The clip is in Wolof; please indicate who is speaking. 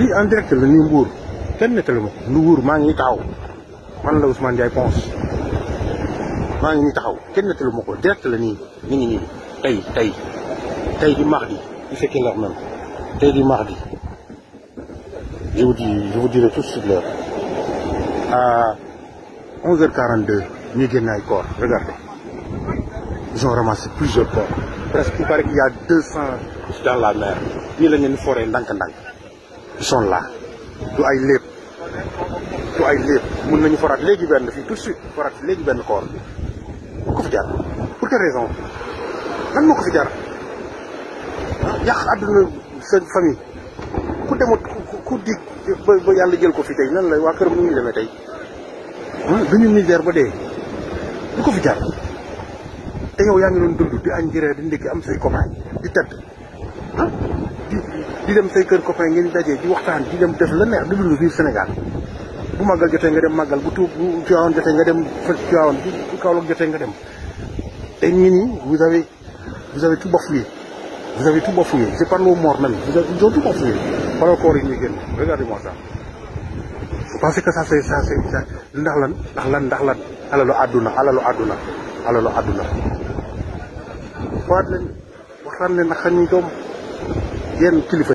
Speaker 1: lii en direct le Nimbour. Quel kenn nettali ma ko mangi tao.
Speaker 2: man la Ousmane Ndiaye Ponce Mangi ni taxaw direct la Nimbour. ni ni nii Tay, tay. tey di mardi di quelle l'heure même tey du mardi
Speaker 1: je vous dis je vous dirai tout de suite l'heure à 11h42 ñu génn corps regardez ils ont ramassé plusieurs corps presque il paraît qu'il y a 200 dans la mer nii la une forêt ndànk canal. sont la du ay léeb du ay léeb mun nañu foraat léegi benn fii tout suite foraat léegi benn koor bu ko fi jar pour quelle raison lan moo ko fi jar yàq àdduna sa famille ku demoot ku dig ba ba yàlla jël ko fi tey nan lay waa këram nu ñu demee tey hmm? duñu misère ba dee du ko fi jar te yow yaa ngi doon dund di añ di reer di ndékki am say copain di tedd hmm? di dem say kër copain ngeen di daje di waxtaan di dem def la neex di dund fii Sénégal bu màggal jotee nga dem màggal bu tuub bu Tiwaawan jotee nga dem fa Tiwaawan bu Kaolack jotee nga dem et nit ñi vous avez vous avez tout bafoué, vous avez tout bafoué. je parle aux morts même vous avez tout bafoué. par rapport yi ñuy génn regardez-moi ça parce que ça c'est ça c'est ça ndax lan ndax lan ndax lan alalu àdduna alalu aduna alalu àdduna waxaat leen waxtaan leen nag xañ doom yenn kilifa